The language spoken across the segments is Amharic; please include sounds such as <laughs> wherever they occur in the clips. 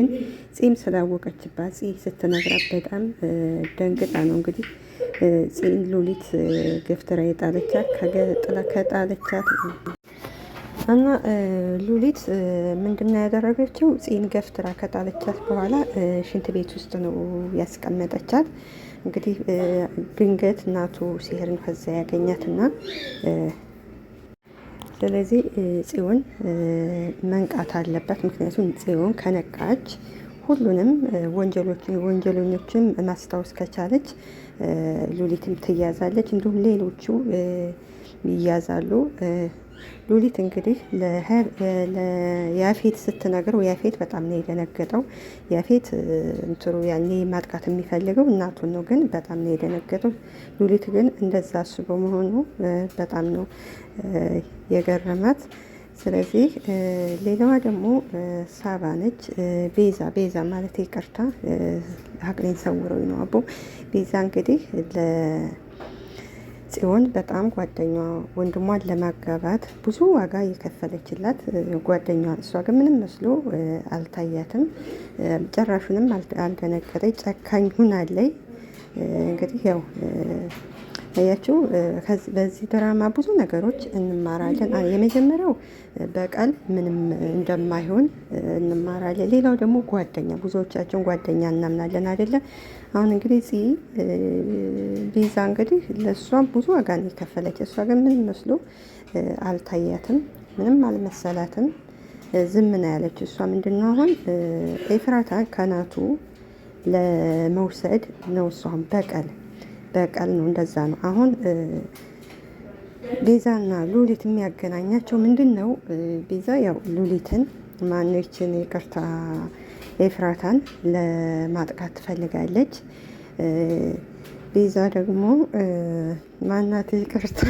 ግን ጺም ስላወቀችባት ጺ ስትነግራት በጣም ደንግጣ ነው እንግዲህ ጺን ሉሊት ገፍትራ የጣለቻት ከገጥላ ከጣለቻት እና ሉሊት ምንድና ያደረገችው ጺን ገፍትራ ከጣለቻት በኋላ ሽንት ቤት ውስጥ ነው ያስቀመጠቻት። እንግዲህ ድንገት እናቱ ሲሄርን ከዛ ያገኛትና ስለዚህ ጽዮን መንቃት አለባት። ምክንያቱም ጽዮን ከነቃች ሁሉንም ወንጀለኞችን ማስታወስ ከቻለች ሉሊትም ትያዛለች፣ እንዲሁም ሌሎቹ ይያዛሉ። ሉሊት እንግዲህ ያፌት ስትነግረው ያፌት በጣም ነው የደነገጠው። ያፌት እንትሩ ያኔ ማጥቃት የሚፈልገው እናቱን ነው፣ ግን በጣም ነው የደነገጠው። ሉሊት ግን እንደዛ እሱ በመሆኑ በጣም ነው የገረማት። ስለዚህ ሌላዋ ደግሞ ሳባ ነች። ቤዛ ቤዛ ማለት ይቅርታ፣ አቅሌን ሰውረው ነው አቦ ቤዛ እንግዲህ ጽዮን በጣም ጓደኛ ወንድሟን ለማጋባት ብዙ ዋጋ የከፈለችላት ጓደኛ፣ እሷ ግን ምንም መስሎ አልታያትም። ጨራሹንም አልደነገጠች፣ ጨካኝ ሁናለች። እንግዲህ ያው አያችሁ፣ በዚህ ድራማ ብዙ ነገሮች እንማራለን። የመጀመሪያው በቀል ምንም እንደማይሆን እንማራለን። ሌላው ደግሞ ጓደኛ፣ ብዙዎቻችን ጓደኛ እናምናለን አይደለ? አሁን እንግዲህ ጽ ቤዛ እንግዲህ ለእሷ ብዙ ዋጋ ነው የከፈለች። እሷ ግን ምን መስሎ አልታያትም፣ ምንም አልመሰላትም። ዝም ነው ያለች። እሷ ምንድን ነው አሁን ኤፍራታ ከናቱ ለመውሰድ ነው እሷን በቀል በቀል ነው። እንደዛ ነው። አሁን ቤዛና ሉሊት የሚያገናኛቸው ምንድን ነው? ቤዛ ያው ሉሊትን ማንችን ይቅርታ ኤፍራታን ለማጥቃት ትፈልጋለች። ቤዛ ደግሞ ማናት ይቅርታ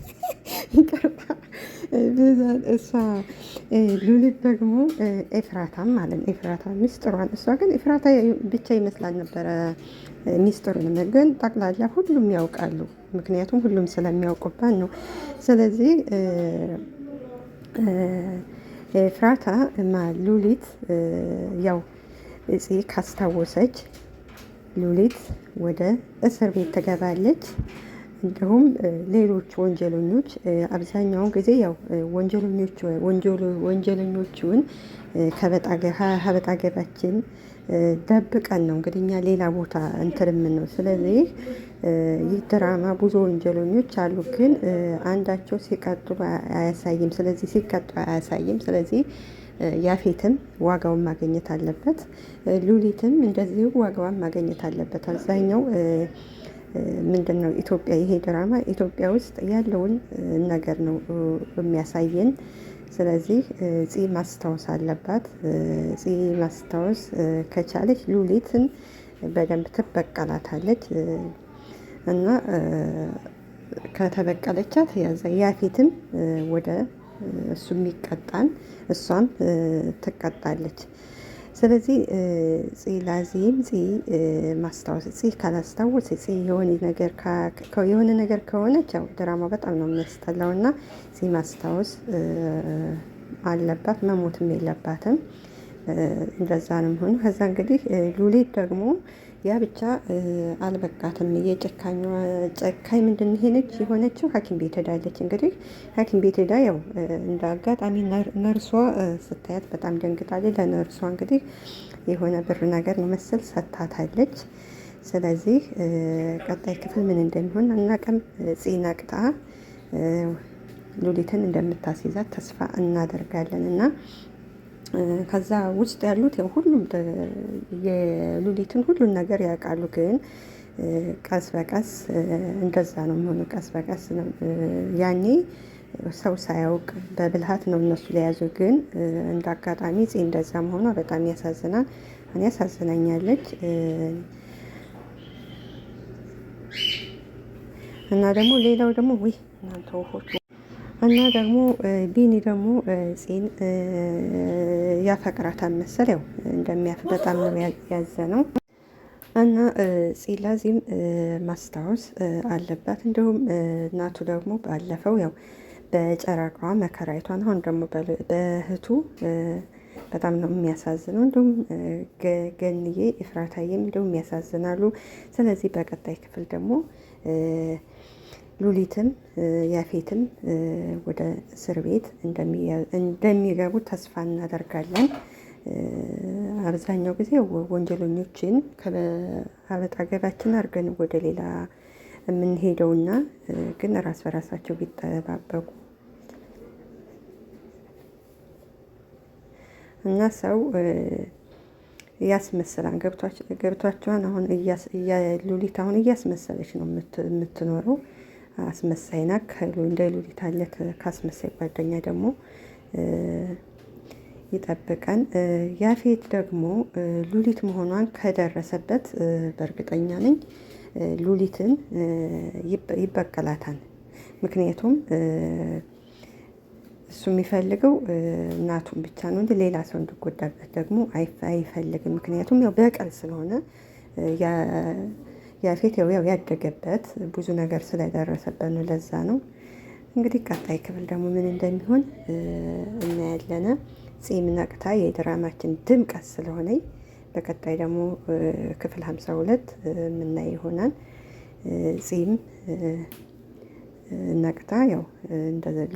<laughs> ይቅርታ ቤዛን እሷ ሉሊት ደግሞ ኤፍራታ ማለት ኤፍራታ ሚስጥሯን እሷ ግን ኤፍራታ ብቻ ይመስላል ነበረ ሚስጥሩን ግን ጠቅላላ ሁሉም ያውቃሉ። ምክንያቱም ሁሉም ስለሚያውቁባት ነው። ስለዚህ ኤፍራታ ሉሊት ያው እጽ ካስታወሰች ሉሊት ወደ እስር ቤት ትገባለች። እንዲሁም ሌሎች ወንጀለኞች አብዛኛውን ጊዜ ያው ወንጀለኞች ወንጀለኞቹን ከበጣ ገባችን ደብቀን ነው እንግዲህ እኛ ሌላ ቦታ እንትርም ነው። ስለዚህ ይህ ድራማ ብዙ ወንጀለኞች አሉ፣ ግን አንዳቸው ሲቀጡ አያሳይም። ስለዚህ ሲቀጡ አያሳይም። ስለዚህ ያፌትም ዋጋውን ማግኘት አለበት፣ ሉሊትም እንደዚሁ ዋጋዋን ማግኘት አለበት። አብዛኛው ምንድን ነው ኢትዮጵያ ይሄ ድራማ ኢትዮጵያ ውስጥ ያለውን ነገር ነው የሚያሳየን። ስለዚህ ፂ ማስታወስ አለባት። ፂ ማስታወስ ከቻለች ሉሊትን በደንብ ትበቀላታለች እና ከተበቀለቻት ያዘ ያፌትም ወደ እሱ የሚቀጣን እሷም ትቀጣለች። ስለዚህ ፅ ላዚም ፅ ማስታወስ ፅ ካላስታወስ ፅ የሆነ ነገር ከሆነች ያው ድራማ በጣም ነው የሚያስጠላው እና ፅ ማስታወስ አለባት መሞትም የለባትም። እንደዛንም ሆኑ ከዛ እንግዲህ ሉሊት ደግሞ ያ ብቻ አልበቃትም። የጨካኝ ጨካኝ ምንድን ሄነች የሆነችው ሐኪም ቤት ሄዳለች። እንግዲህ ሐኪም ቤት ሄዳ ያው እንደ አጋጣሚ ነርሷ ስታያት በጣም ደንግጣለች። ለነርሷ እንግዲህ የሆነ ብር ነገር መሰል ሰታታለች። ስለዚህ ቀጣይ ክፍል ምን እንደሚሆን አናውቅም። ጽና ቅጣ ሉሊትን እንደምታስይዛት ተስፋ እናደርጋለን እና ከዛ ውስጥ ያሉት ሁሉም የሉሊትን ሁሉን ነገር ያውቃሉ። ግን ቀስ በቀስ እንደዛ ነው የሚሆነው። ቀስ በቀስ ነው ያኔ ሰው ሳያውቅ በብልሃት ነው እነሱ ለያዙ። ግን እንደ አጋጣሚ ጽ እንደዛ መሆኗ በጣም ያሳዝናል። እኔ ያሳዝናኛለች። እና ደግሞ ሌላው ደግሞ ውይ እናንተ ወፎች እና ደግሞ ቢኒ ደግሞ ፂን ያፈቅራታል መሰል ያው እንደሚያፍ በጣም ነው ያዘ ነው እና ፂ ላዚም ማስታወስ አለባት። እንዲሁም እናቱ ደግሞ ባለፈው ያው በጨረቃዋ መከራይቷን አሁን ደግሞ በእህቱ በጣም ነው የሚያሳዝነው። እንዲሁም ገንዬ እፍራታዬም እንዲሁም ያሳዝናሉ። ስለዚህ በቀጣይ ክፍል ደግሞ ሉሊትም ያፌትም ወደ እስር ቤት እንደሚገቡ ተስፋ እናደርጋለን። አብዛኛው ጊዜ ወንጀለኞችን ከአበጥ አድርገን ወደ ሌላ የምንሄደውና ግን ራስ በራሳቸው ቢጠባበቁ እና ሰው እያስመሰላን ገብቷቸዋን አሁን ሉሊት አሁን እያስመሰለች ነው የምትኖረው። አስመሳይ ና ከሉ እንደ ሉሊት አለ ከአስመሳይ ጓደኛ ደግሞ ይጠብቀን። ያፌት ደግሞ ሉሊት መሆኗን ከደረሰበት በእርግጠኛ ነኝ ሉሊትን ይበቀላታል። ምክንያቱም እሱ የሚፈልገው እናቱን ብቻ ነው እንጂ ሌላ ሰው እንዲጎዳበት ደግሞ አይፈልግም። ምክንያቱም ያው በቀል ስለሆነ ያፌት ያው ያደገበት ብዙ ነገር ስለደረሰበት ነው። ለዛ ነው እንግዲህ ቀጣይ ክፍል ደግሞ ምን እንደሚሆን እናያለን። ፂም ነቅታ የድራማችን ድምቀት ስለሆነ በቀጣይ ደግሞ ክፍል ሀምሳ ሁለት የምናይ ይሆናል። ፂም ነቅታ ያው እንደ